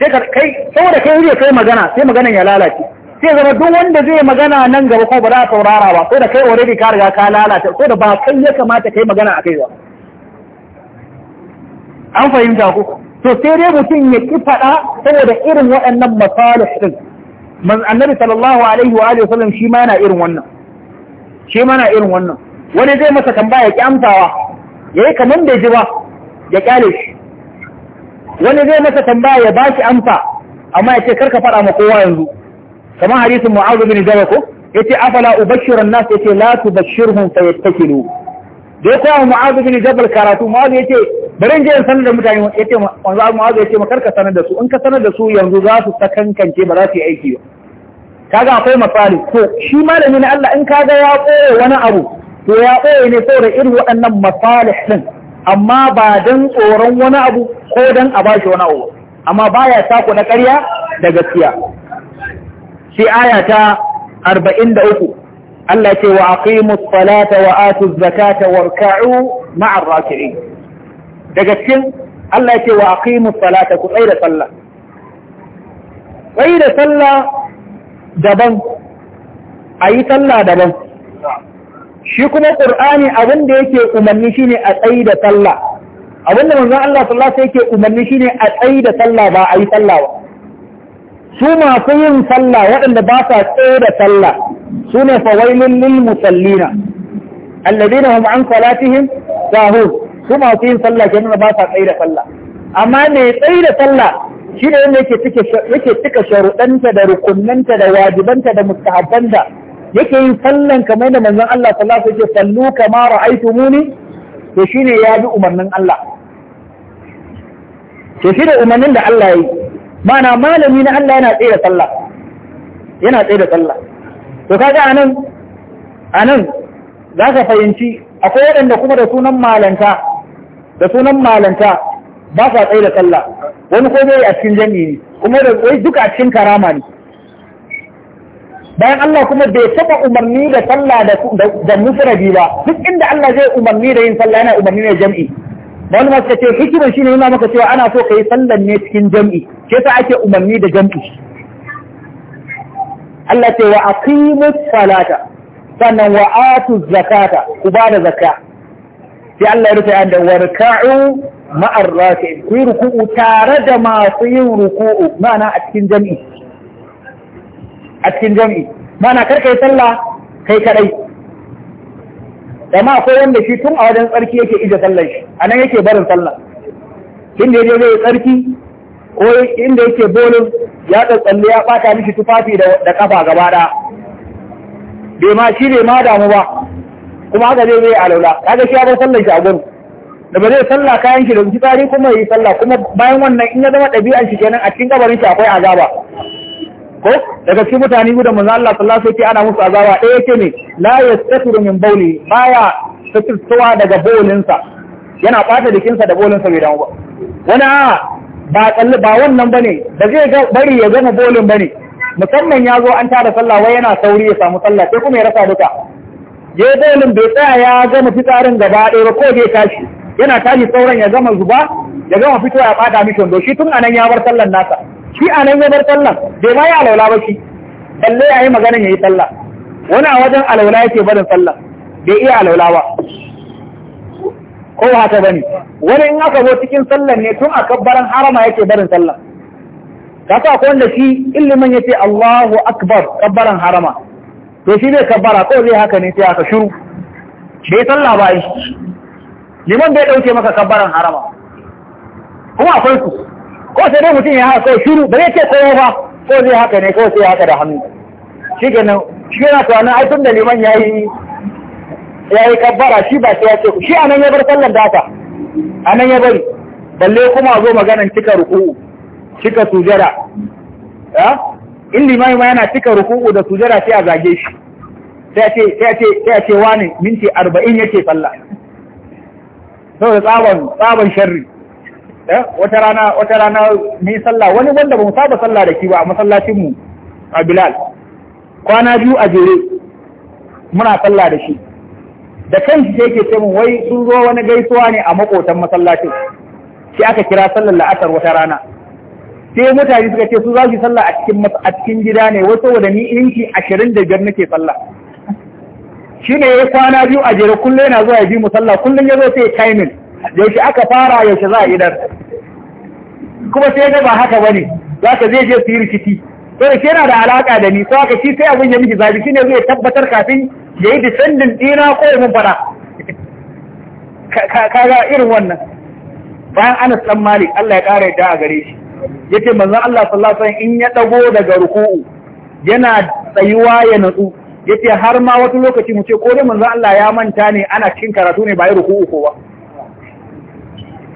saboda kai wuri kai magana sai maganan ya lalace sai zama duk wanda zai magana nan gaba ko ba za a saurara ba ko da kai already ka riga ka lalata ko da ba kai ya kamata kai magana a kai ba an fahimta ku to sai dai mutum ya ƙi faɗa saboda irin waɗannan masalih din man annabi sallallahu alaihi wa sallam wasallam shi ma yana irin wannan shi ma yana irin wannan wani zai masa tambaya ki amsawa yayi kaman bai ji ba ya kyale shi wani zai masa tambaya ya bashi amsa amma ya ce karka faɗa ma kowa yanzu kamar hadisin mu'adh bin jabal ko yace afala ubashiru an-nas yace la tubashshirhum fayattakilu da ya kowa mu'azu bin jabal karatu mu'azu ya ce bari je sanar da mutane ya ce wanzu ya ce makar ka sanar da su in ka sanar da su yanzu za su sakankance ba za su yi aiki ba kaga akwai misali ko shi malami na Allah in kaga ya koya wani abu to ya koya ne saboda irin waɗannan masalih din amma ba dan tsoron wani abu ko dan a bashi wani abu amma baya sako na ƙarya da gaskiya sai aya ta 43 Allah ce wa aqimu salata wa atu zakata warka'u ma'ar raki'in daga cikin Allah ce wa aqimu salata ku tsaye da sallah tsaye da sallah daban ayi sallah daban shi kuma qur'ani abin da yake umarni shine a tsaye da sallah abinda manzon Allah sallallahu alaihi wasallam yake umarni shine a tsaye da sallah ba ayi sallah ba su masu yin sallah waɗanda ba sa tsaye da sallah su ne fawailun lil musallina alladina hum an salatihim sahun su masu yin sallah kenan ba sa tsaye da sallah amma me tsaye da sallah shi ne wanda yake cika sharuɗanta da rukunnanta da wajibanta da mustahabbanta yake yin sallan kamar da manzon Allah sallallahu alaihi wasallam sallu kama ra'aytumuni to shine ya bi umarnin Allah to shi umarnin da Allah ya yi mana malami na Allah yana tsaye da sallah yana tsaye da sallah to kaga anan anan za ka fahimci akwai waɗanda kuma da sunan malanta da sunan malanta ba sa tsaye da sallah wani ko dai a cikin jami'i ne kuma da wai duka a cikin karama ne bayan Allah kuma bai taɓa umarni da sallah da mufradi ba duk inda Allah zai umarni da yin sallah yana umarni da jam'i wani masu ce hikiman shi ne nuna maka cewa ana so ka yi sallan ne cikin jam'i ce ta ake umarni da jam'i Allah ce wa aqimu salata sannan wa atu zakata ku ba da zakka sai Allah ya rufe an da warka'u ma'ar rafi ku yi ruku'u tare da masu yin ruku'u mana a cikin jam'i a cikin jam'i mana karka yi sallah kai kadai amma akwai wanda shi tun a wajen tsarki yake ije sallar shi a nan yake barin sallah inda yaje zai tsarki ko inda yake bolin ya tsatsalle ya ɓata mishi tufafi da kafa gaba da bai ma shi ne ma damu ba kuma haka zai zai alaula kaga shi ya bar sallar shi a gurin da ba zai salla kayan shi da tsari kuma yi sallah kuma bayan wannan in ya zama dabi'an shi kenan a cikin kabarin shi akwai azaba ko daga cikin mutane guda manzo Allah sallallahu alaihi wasallam ana musu azaba ɗaya eh, yake ne la yastatiru min bawli baya satirtuwa daga bolinsa yana bata sa da bolinsa bai damu ba wani a ba tsalle ba wannan bane da zai ga bari ya gama bolin bane musamman ya zo an tada sallah wai yana sauri ya samu sallah sai kuma ya rasa duka je bolin bai tsaya ya gama fitsarin gaba ɗaya ba ko bai tashi yana tashi sauran ya gama zuba ya gama fitowa ya bata mishi wando shi tun anan ya bar sallan nasa shi a nan ya bar bai ma yi alaula ba shi balle ya yi maganin ya yi sallah wani a wajen alaula yake barin sallah bai iya alaula ba ko haka bane wani in aka zo cikin sallah ne tun a kabbaran harama yake barin ta sa akwai wanda shi ilimin ce Allahu akbar kabbaran harama to shi zai kabbara ko zai haka ne sai aka shiru bai sallah ba yi liman bai dauke maka kabbaran harama kuma akwai su ko sai dai mutum ya haka kawai shiru ba zai ce kowa ba ko zai haka ne ko sai haka da hannu shi nan shi yana tunanin ai aikin da liman ya yi kabbara shi ba sai ya ce ku shi a nan ya bar sallar data a nan ya bari balle kuma zo maganan cika ruku'u cika sujada in limami ma yana cika ruku'u da sujada sai a zage shi sai a ce wani minti arba'in yake sallah saboda tsaban tsaban sharri Eh, wata rana wata rana ni sallah wani wanda ba mu saba sallah da ki ba a masallacin mu a Bilal kwana biyu a jere muna sallah da shi da kan shi yake ce mun wai sun zo wani gaisuwa ne a makotan masallacin shi aka kira sallar la'asar wata rana sai mutane suka ce su za su sallah a cikin a cikin gida ne wai saboda ni inci 25 nake sallah shine ya kwana biyu a jere kullum yana zuwa ya bi mu sallah kullum ya zo sai timing yaushe aka fara yaushe za a idar kuma sai ga ba haka bane za ka zai je su yi rikici to da yana da alaka da ni sai haka ci sai abin ya miki zabi shine zai tabbatar kafin ya yi defending dina ko mun mun Ka ga irin wannan bayan Anas dan Malik Allah ya kare da a gare shi yace manzon Allah sallallahu alaihi in ya dago daga ruku'u yana tsayuwa ya natsu yace har ma wata lokaci mu ce ko dai manzon Allah ya manta ne ana cin karatu ne ba ya ruku'u ko ba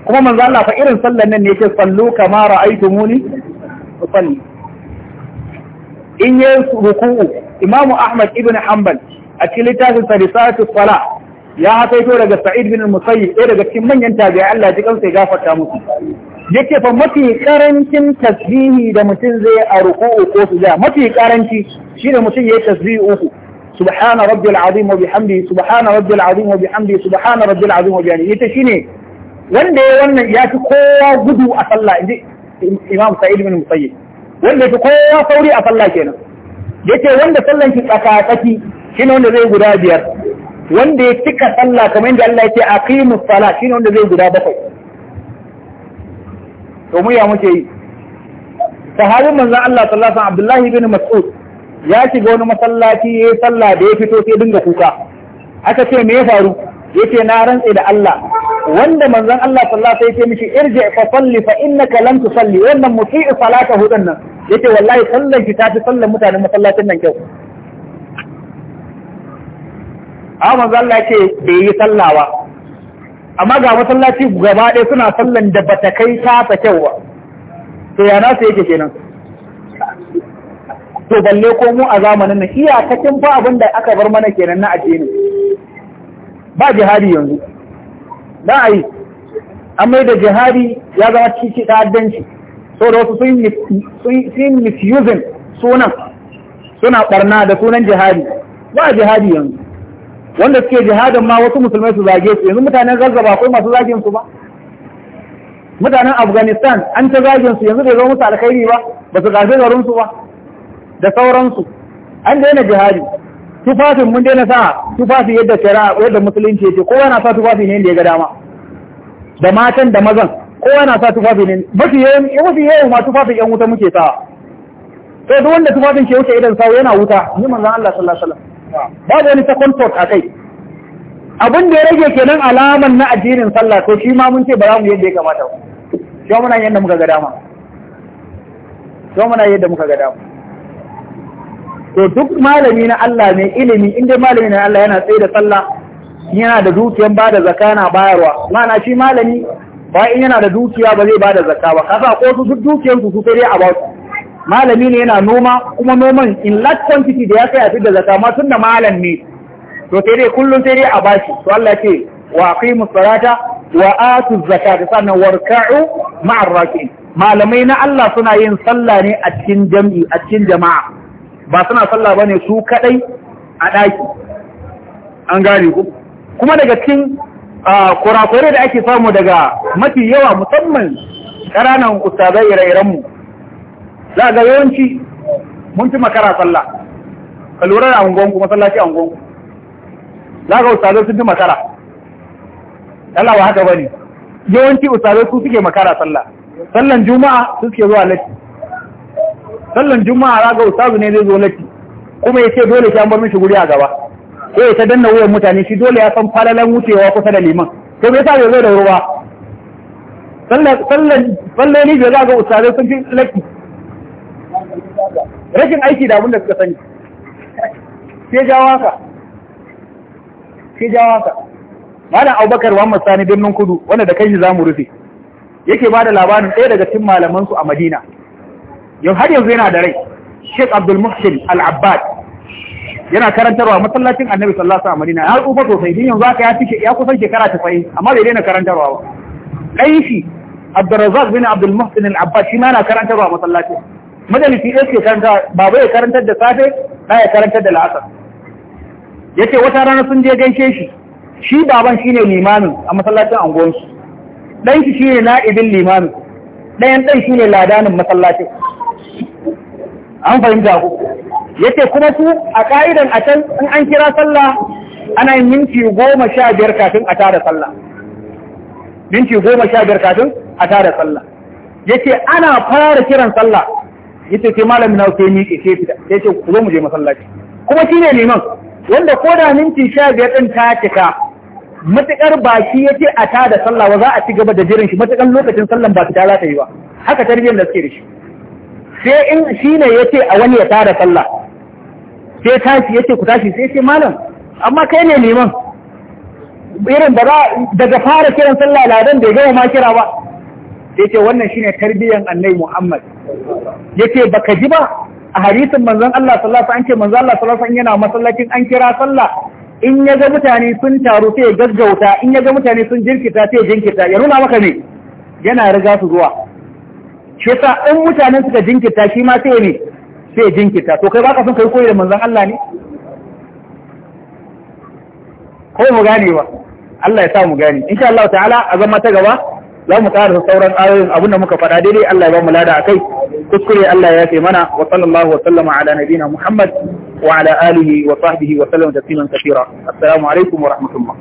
kuma manzo Allah fa irin sallan nan ne yake sallu kama ra'aytumuni usalli in yi ruku'u imamu ahmad ibn hanbal a cikin littafin sarisatu sala ya hasaito daga sa'id bin musayyib ɗaya daga cikin manyan tabi'a Allah ji kansa ya gafarta musu yake fa mafi karancin tasbihi da mutum zai a ruku'u ko su sujada mafi karanci shine mutum yayi tasbihi uku subhana rabbil azim wa bihamdihi subhana rabbil azim wa bihamdihi subhana rabbil azim wa bihamdihi ita shine wanda ya wannan ya fi kowa gudu a sallah inji imam sa'id bin musayyib wanda ya fi kowa sauri a sallah kenan yace wanda sallan shi shi shine wanda zai guda biyar wanda ya cika sallah kamar yadda Allah ya ce aqimus shi shine wanda zai guda bakwai to mu ya muke yi sahabin manzon Allah sallallahu alaihi Abdullahi bin Mas'ud ya shiga wani masallaci ya yi sallah da ya fito sai dinga kuka aka ce me ya faru yace na rantse da Allah wanda manzon Allah sallallahu alaihi wasallam yake mishi irji fa salli fa innaka lam tusalli wannan muti'i salata hudan nan yace wallahi sallan ki tafi sallan mutanen masallacin nan kyau a manzon Allah yake bai yi sallawa amma ga masallaci gaba ɗaya suna sallan da bata kai ta ta kyau ba to ya nasu yake kenan to balle ko mu a zamanin nan iyakacin fa abin da aka bar mana kenan na addini ba jihadi yanzu ba a yi an mai da jihadi ya zama cikin ta'addanci so da wasu sun misusing sunan suna barna da sunan jihadi ba a jihadi yanzu wanda suke jihadin ma wasu musulmai su zage su yanzu mutanen ba ko masu zagin su ba mutanen afghanistan an ta zagin su yanzu bai zo musu alkhairi ba ba su gafe garinsu ba da sauransu an daina jihadi tufafin mun daina sa tufafi yadda shari'a yadda musulunci ce kowa na sa tufafi ne yadda ya ga dama da matan da mazan kowa na sa tufafi ne mafi yawan mafi yawan ma tufafin yan wuta muke sa to duk wanda tufafin ke wuce idan sawo yana wuta ni manzon Allah sallallahu alaihi wasallam babu wani second thought a kai abin da ya rage kenan alaman na addinin sallah to shi ma mun ce ba za mu yadda ya kamata ba shi muna yadda muka ga dama shi muna yadda muka ga dama to duk malami na Allah mai ilimi inda malami na Allah yana tsaye da sallah yana da dukiyan ba da zaka na bayarwa ma'ana shi malami ba in yana da dukiya ba zai ba da zaka ba kasa ko su duk dukiyan su su sai a ba su malami ne yana noma kuma noman in large quantity da ya kai a fi da zaka ma tunda malam ne to sai dai kullum sai dai a shi to Allah ce wa aqimu salata wa atu zakata sannan warka'u ma'ar rakin malamai na Allah suna yin sallah ne a cikin jam'i a cikin jama'a ba suna sallah ba ne su kadai a daki an gane ku kuma daga cikin kurakure da ake samu daga mafi yawa musamman ƙaranan ustazai ire-irenmu za ga yawanci mun fi makara sallah ka lura da ku masallaci ku. za ga ustazai sun fi makara Allah ba haka bane yawanci ustazai su suke makara sallah sallan juma'a su suke zuwa lati sallan juma'a raga ustazu ne zai zo lati kuma yace dole shi an bar mishi guri a gaba sai ya ta danna wuyan mutane shi dole ya san falalan wucewa kusa da liman to me yasa bai zo da ruwa sallan sallan ne zai ga ustazu sun fi lati rashin aiki da abin da suka sani sai jawa ka sai jawa ka malam abubakar muhammad sani birnin kudu wanda da kai shi zamu rufe yake ba da labarin ɗaya daga cikin malamansu a madina yau har yanzu yana da rai Sheikh Abdul Muhsin Al-Abbad yana karantarwa masallacin Annabi sallallahu a wasallam Madina ya tsufa sosai din yanzu haka ya tike ya kusan shekara 90 amma zai daina karantarwa ba dai shi Abdurrazzaq bin Abdul Muhsin Al-Abbad shi ma yana karantarwa masallacin majalisi ya ke karanta babu ya karantar da safe na ya karantar da la'asar Ya ce wata rana sun je gaishe shi shi baban shi ne limamin a masallacin anguwansu dan shi ne na'ibin limamin ɗayan ɗan shi ne ladanin masallacin an fahimta ku yace kuma su a ka'idan a can in an kira sallah ana yin minti goma sha biyar kafin a tara sallah minti goma sha biyar kafin a tara sallah yace ana fara kiran sallah yace sai malam na sai miƙe sai fita sai ce ku zo mu je masallaci kuma shine liman wanda ko da minti sha biyar ɗin ta cika matuƙar baki shi ya ce a tada sallah ba za a ci gaba da jiran shi matuƙar lokacin sallan ba su za ta yi ba haka tarbiyyar da suke da shi sai in shi ne ya ce a wani ya tara sallah sai tashi ya ce ku tashi sai ce malam amma kai ne neman irin da daga fara kiran sallah ladan bai gama ma kira ba sai ce wannan shine tarbiyyar annai muhammad Ya ce ba ka ji ba a hadisin manzan Allah sallasa an ce manzan Allah sallasa an yana masallacin an kira sallah in ya ga mutane sun taru sai ya gaggauta in ya ga mutane sun jirkita sai ya jinkita ya nuna maka ne yana riga su zuwa shi yasa in mutanen suka jinkirta shi ma sai ne sai jinkirta to kai baka son kai koyi da manzon Allah ne ko mu gane ba Allah ya sa mu gane insha Allah ta'ala a zama ta gaba za mu tsara ƙara sauran ayoyin abinda muka faɗa daidai Allah ya ba mu lada akai kuskure Allah ya yafe mana wa sallallahu wa sallama ala nabina Muhammad wa ala alihi wa sahbihi wa sallama tasliman kathira assalamu alaikum wa rahmatullah